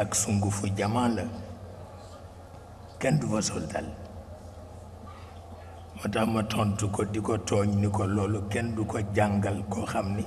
ak sungufu jaman la kenn du fa sol dal moo tax ma tontu ko di ko tooñ ni ko loolu kenn du ko jàngal koo xam ni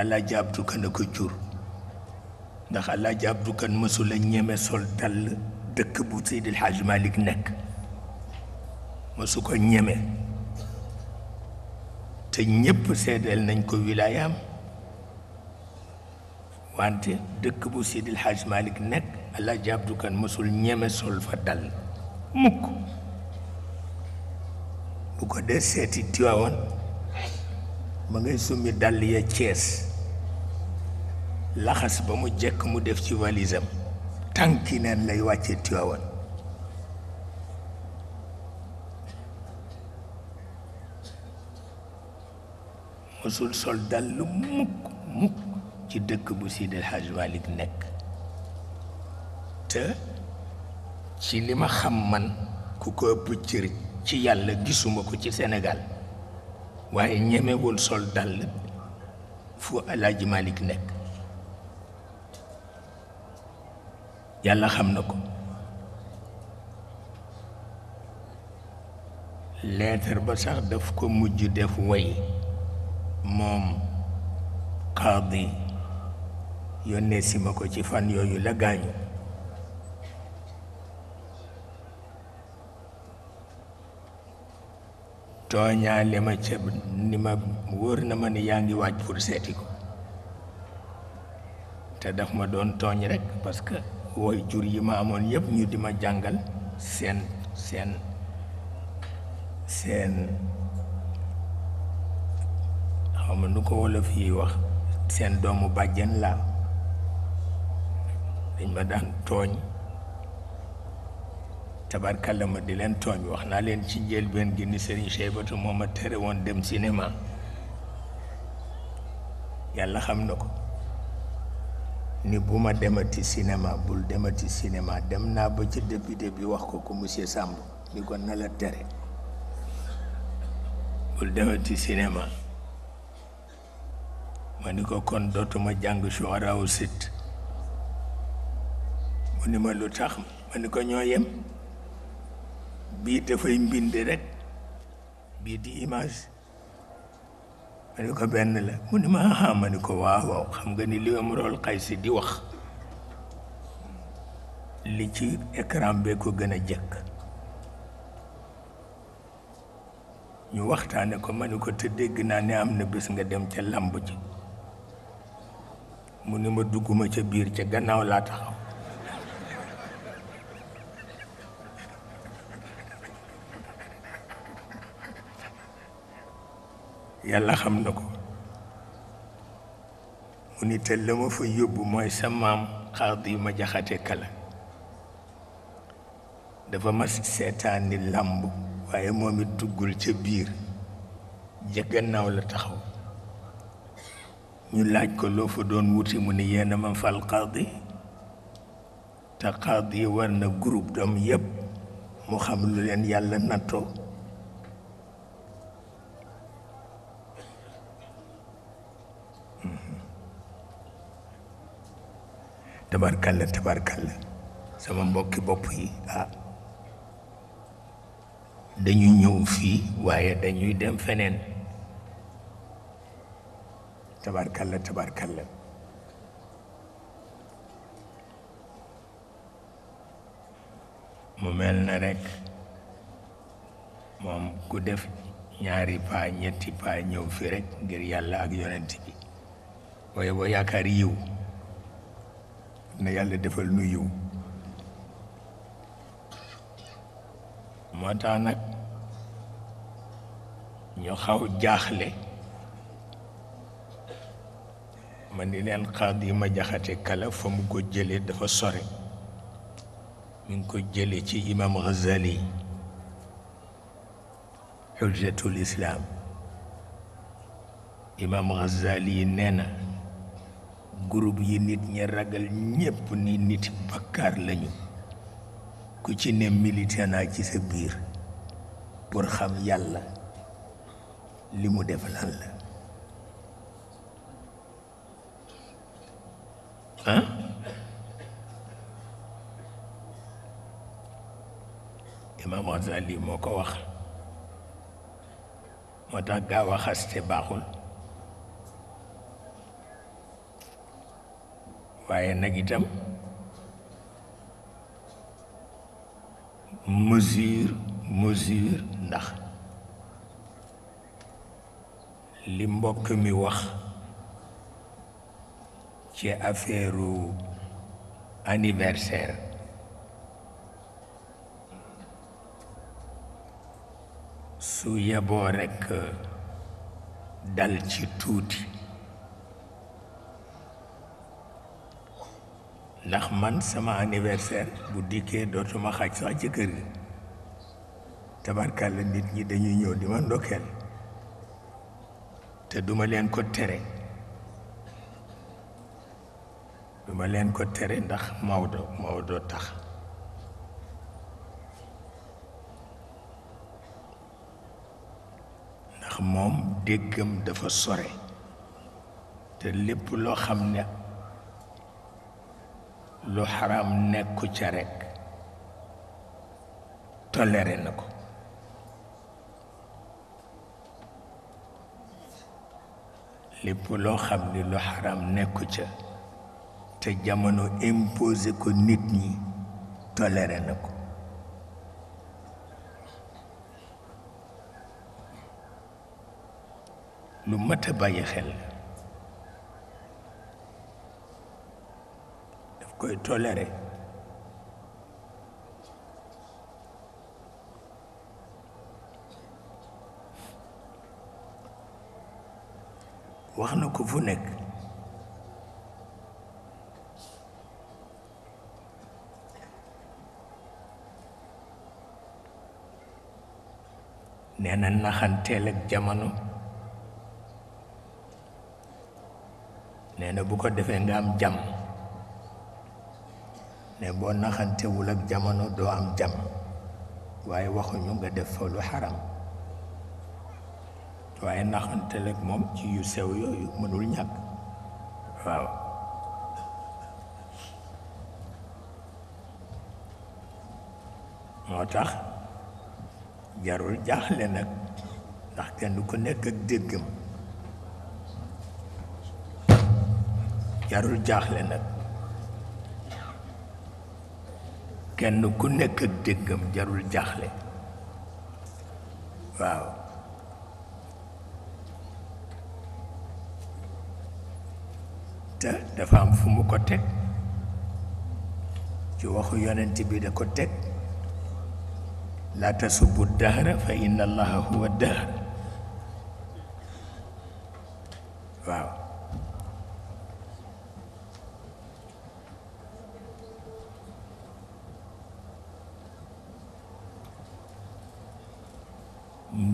Alaaji Abdu Kan a ko jur ndax Alaaji Abdu Kan mësul ñeme sol dal dëkk bu Seydil Hadj nekk mësu ko ñeme te ñépp seedeel nañ ko wilaayaam wante dëkk bu Seydil Hadj Malick nekk allah jabdu kan mosul ñeme sol fa dal mukk bu ko dee seeti Tiwaawan ma ngay summi dàll ya Cees laxas ba mu jekk mu def ci valisam tànki neen lay wàcce Tiwaawan mosul sol dal mukk mukk dëkk bu Seydi El nekk te ci li ma xam man ku ko ëpp cër ci yàlla gisuma ko ci senegal waaye ñemewul sol dàll fu El nekk yàlla xam na ko leetar ba sax daf ko mujj def way moom qaadi yónnee sima ko ci fan yooyu la gaañu tooñaale ma ca ni ma wóor na ma ne yaa ngi waaj pour seeti ko te daf ma doon tooñ rekk parce que woy jur yi ma amoon yëpp ñu di ma jàngal seen seen seen xam ma nu ko wolof yi wax seen doomu bàjjen laa dañ ma daan tooñ tabarkalla ma di leen tooñ wax naa leen ci njëlbeen gi ni Serigne Cheybatu moo ma tere woon dem cinéma yàlla xam na ko ni bu ma demati cinéma bul demati cinéma dem naa ba ca député bi wax ko ko monsieur Samb ni ko na tere bul demati cinéma ma ni ko kon dootuma jàng suwaraawu sit mu ni ma lu tax ma ni ko ñoo yem bii dafay mbind rek bii di image ma ni ko benn la mu ni ma aha ma ni ko waaw xam nga ni li Umar Qaysi di wax li ci écran bee ko gën a jëkk ñu waxtaane ko ma ni ko te dégg naa ne am na bés nga dem ca làmb ji mu ni ma dugguma ca biir ca gannaaw laa taxaw yàlla xam na ko mu ni te la ma fa yóbbu mooy sa maam xaadi yu ma jaxate kala dafa mas seetaani làmb waaye moom it duggul ca biir jëggannaaw la taxaw ñu laaj ko loo fa doon wuti mu ni yéen ma fal xaadi te xaadi yi war na groupe dam yépp mu xam lu leen yàlla nattoo tabarkalla tabarkalla sama mbokki bop yi ah dañu ñew fi waye dañuy dem fenen tabarkalla tabarkalla mu melna rek mom ku def ñaari pa ñetti pa ñew fi rek ngir yalla ak yonenti bi waye bo yakari yiw ne yàlla defal nuyu yiw moo tax nag ñu xaw jaaxle ma ni leen xaad yi ma jaxate kala fa mu ko jële dafa sore mu ngi ko jële ci imam Ghazali xujjatul islam imam Ghazali nee na groupe yi nit ñi ragal ñépp ni nit bakkaar lañu ku ci ne milité na ci sa biir pour xam yàlla li mu def la ah imaam Ghazali moo ko wax moo tax gaaw a xaste baaxul waaye nag itam mesure mesure ndax li mbokk mi wax ci affaire anniversaire su yeboo rekk dal ci tuuti ndax man sama anniversaire bu dikkee dootuma xaj sax ci kër gi tabarkàlla nit ñi dañuy ñëw di ma ndokkeel te duma leen ko tere duma leen ko tere ndax Maodo tax ndax moom déggam dafa sore te lépp loo xam ne lu xaraam nekku ca rekk toléré na ko lépp loo xam ni lu xaraam nekku ca te jamono imposé ko nit ñi toléré na ko lu mat a bàyyi xel koy wax na ko fu nekk nee na naxanteel ak jamono nee na bu ko defee nga am jàmm ne boo naxantewul ak jamono doo am jàmm waaye waxuñu nga def fa xaram waaye naxante rek moom ci yu sew yooyu mënul ñàkk waaw moo tax jarul jaaxle nag ndax kenn ku nekk ak déggam jarul jaaxle nag kenn ku nekk ak déggam jarul jaaxle waaw te dafa am fu mu ko teg ci waxu yonent bi da ko teg laa tasubbu dahra fa inna allaha huwa dahr waaw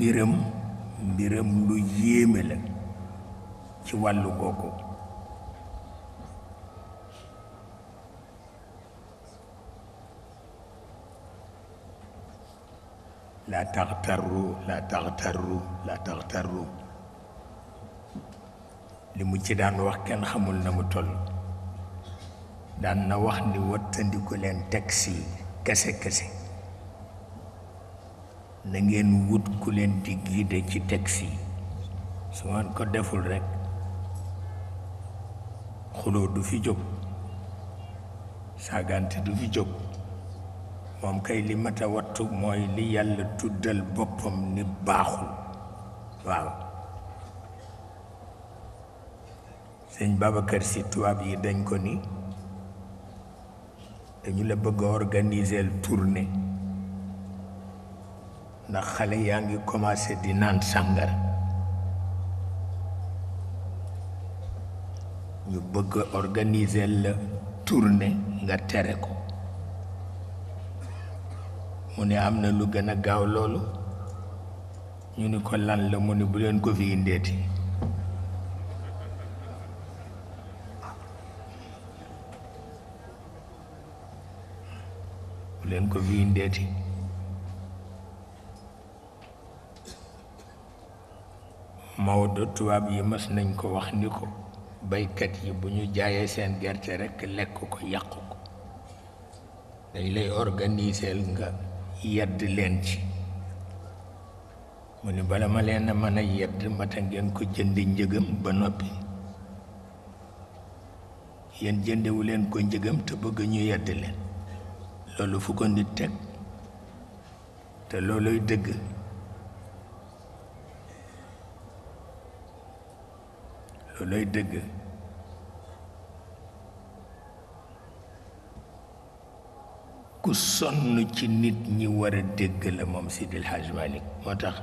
mbiram mbiram lu yéeme la ci wàllu googu la taxtarru la taxtarru la li mu ci daan wax kenn xamul na mu toll daan na wax ni wattandiku leen taxi kese kese na ngeen wut ku leen di guider ci taxi su ngeen ko deful rekk xuloo du fi jóg saagante du fi jóg moom kay li mat a wattu mooy li yàlla tuddal boppam ni baaxul waaw sëñ Babacar si tubaab yi dañ ko ni dañu la bëgg a organiser tournée ndax xale yaa ngi commencé di naan sàngara ñu bëgg organiser la tournée nga tere ko mu ne am na lu gën a gaaw loolu ñu ni ko lan la mu ne bu leen ko fi indeeti bu leen ko fi Maodo tubaab yi mës nañ ko wax ni ko baykat yi bu ñu jaayee seen gerte rekk lekk ko yàqu ko dañ lay organiser nga yedd leen ci mu ni bala ma leen a mën a yedd mata ngeen ko jënd njëgam ba noppi yéen jëndewu leen ko njëgam te bëgg ñu yedd leen loolu fu ko nit teg te looluy dëgg looy dëgg ku sonn ci nit ñi wara a la moom Sidil Hadj Malick moo tax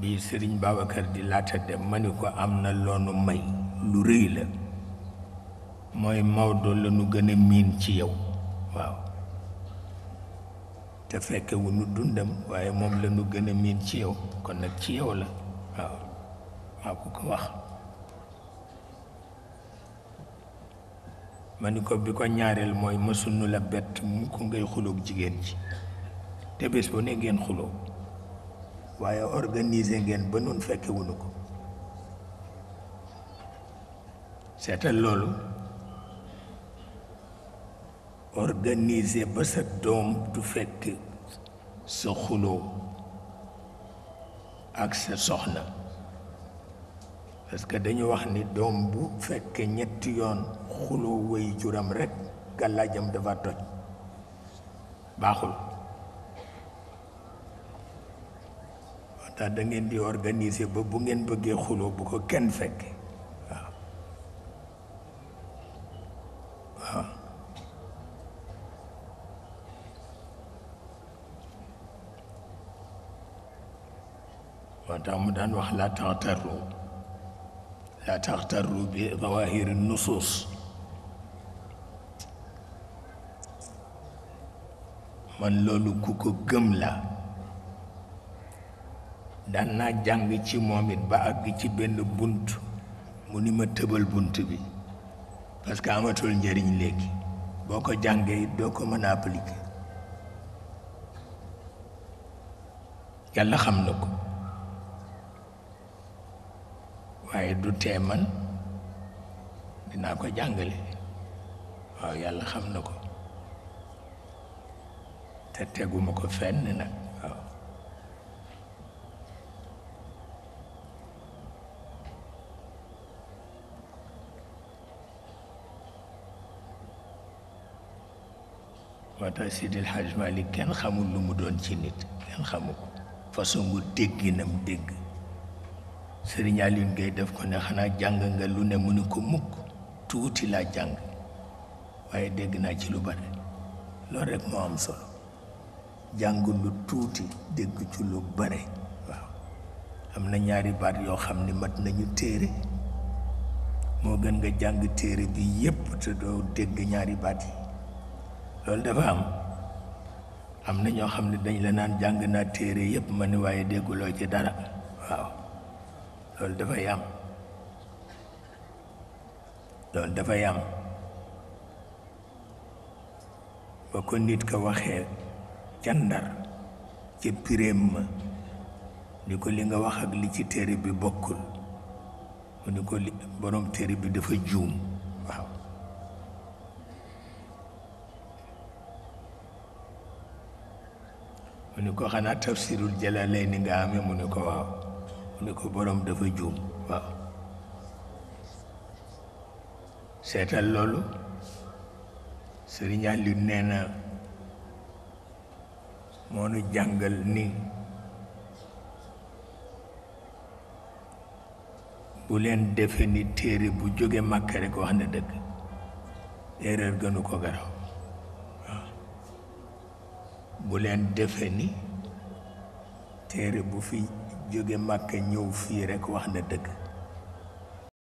bi Sëriñ Babacar di laata dem ma ni ko am na loonu may lu rëy la mooy Maodo la nu gën a miin ci yow waaw te fekke nu dundam waaye moom lanu gën a miin ci yow kon nag ci yow la waaw maa ko ko wax ma ko bi ko ñaareel mooy mësunu la bett mu ko ngay xuloog jigéen ji te bés bu ne ngeen xuloo waaye organiser ngeen ba nun fekke wunu ko seetal loolu organiser ba sa doom du fekk sa xuloo ak sa soxna parce que dañu wax ni doom bu fekkee ñetti yoon xuloo way juram rek gàllaajam dafa toj baaxul waxtaan da ngeen di organiser ba bu ngeen bëggee xuloo bu ko kenn fekke waaw tax mu daan wax la taxtarru la taxtarru bi zawahiri man loolu ku ko gëm la daan naa jàng ci moom it ba àgg ci benn bunt mu ni ma tëbal bunt bi parce que amatul njariñ léegi boo ko jàngee doo ko mën a appliquer yàlla xam na ko waaye du tee man dinaa ko jàngale waaw yàlla xam na ko te teguma ko fenn nag waaw moo tax Sidil Hadj Malick kenn xamul lu mu doon ci nit kenn xamu ko façon bu dégginam dégg sëriñ Aline def ko ne xanaa jàng nga lu ne mënu ko mukk tuuti laa jàng waaye dégg naa ci lu bare loolu rek moo am solo jàng lu tuuti dégg ci lu bare waaw am na ñaari baat yoo xam ne mat nañu téere moo gën nga jàng téere bi yépp te doo dégg ñaari baat yi loolu dafa am am na ñoo xam ne dañ la naan jàng naa téere yépp ma ne waaye dégguloo ci dara waaw loolu dafay am loolu dafay am ba ko nit ka waxee ca Ndar ca ma ni ko li nga wax ak li ci téere bi bokkul mu ni ko li borom téere bi dafa juum waaw mu ni ko xanaa tafsirul Jalalayn ni nga amee mu ni ko waaw mu ko boroom dafa juum waaw seetal loolu sëriñ Aliou nee na moonu jàngal ni bu leen defe ni téere bu jóge màkk rek wax na dëgg erreur gënu ko garaw waaw bu leen defe ni téere bu fi jóge màkka ñëw fii rekk wax na dëgg